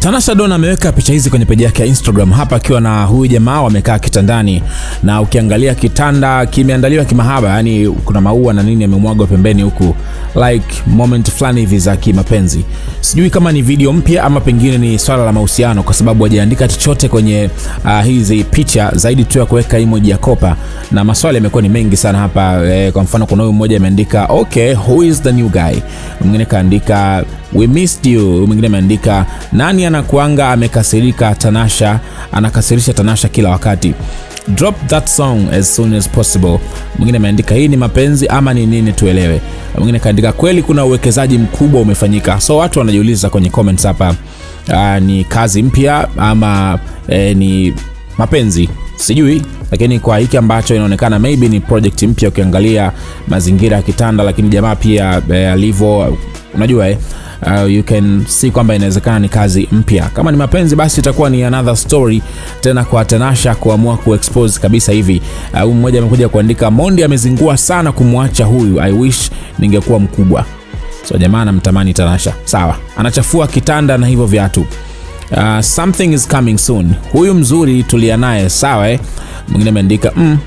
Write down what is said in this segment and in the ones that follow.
Tanasha Dona ameweka picha hizi kwenye peji yake ya Instagram hapa akiwa na huyu jamaa wamekaa kitandani, na ukiangalia kitanda kimeandaliwa kimahaba, yani kuna maua na nini yamemwagwa pembeni huku, like moment fulani hivi za kimapenzi. Sijui kama ni video mpya ama pengine ni swala la mahusiano, kwa sababu hajaandika chochote kwenye uh, hizi picha zaidi tu ya kuweka emoji ya kopa, na maswali yamekuwa ni mengi sana hapa eh, kwa mfano kuna huyu mmoja ameandika okay, who is the new guy, mwingine kaandika we missed you. Mwingine ameandika nani anakuanga amekasirika Tanasha, anakasirisha Tanasha kila wakati drop that song as soon as possible. Mwingine ameandika hii ni mapenzi ama ni nini, tuelewe. Mwingine kaandika kweli kuna uwekezaji mkubwa umefanyika. So watu wanajiuliza kwenye comments hapa, aa, ah, ni kazi mpya ama e, ni mapenzi sijui, lakini kwa hiki ambacho inaonekana maybe ni project mpya, ukiangalia mazingira ya kitanda, lakini jamaa pia eh, alivyo, e, unajua eh uh, you can see kwamba inawezekana ni kazi mpya. Kama ni mapenzi, basi itakuwa ni another story tena kwa Tanasha kuamua kuexpose kabisa hivi. Uh, mmoja amekuja kuandika Mondi amezingua sana kumwacha huyu, I wish ningekuwa mkubwa. So jamaa anamtamani Tanasha, sawa, anachafua kitanda na hivyo viatu. Uh, something is coming soon. Huyu mzuri tulia naye sawa. Eh? Mwingine ameandika mm,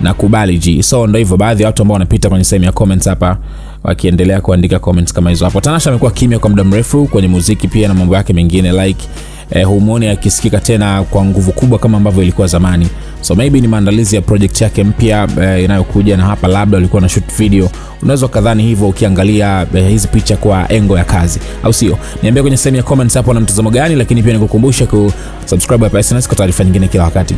nakubali ji. So ndo hivyo, baadhi ya watu ambao wanapita kwenye sehemu ya comments hapa wakiendelea kuandika comments kama hizo hapo. Tanasha amekuwa kimya kwa muda mrefu kwenye muziki pia na mambo yake mengine like eh, humwoni akisikika tena kwa nguvu kubwa kama ambavyo ilikuwa zamani, so maybe ni maandalizi ya project yake mpya eh, inayokuja na hapa labda alikuwa na shoot video, unaweza kadhani hivyo ukiangalia eh, hizi picha kwa engo ya kazi, au sio? Niambie kwenye sehemu ya comments hapo na mtazamo gani, lakini pia nikukumbusha kusubscribe hapa SnS kwa taarifa nyingine kila wakati.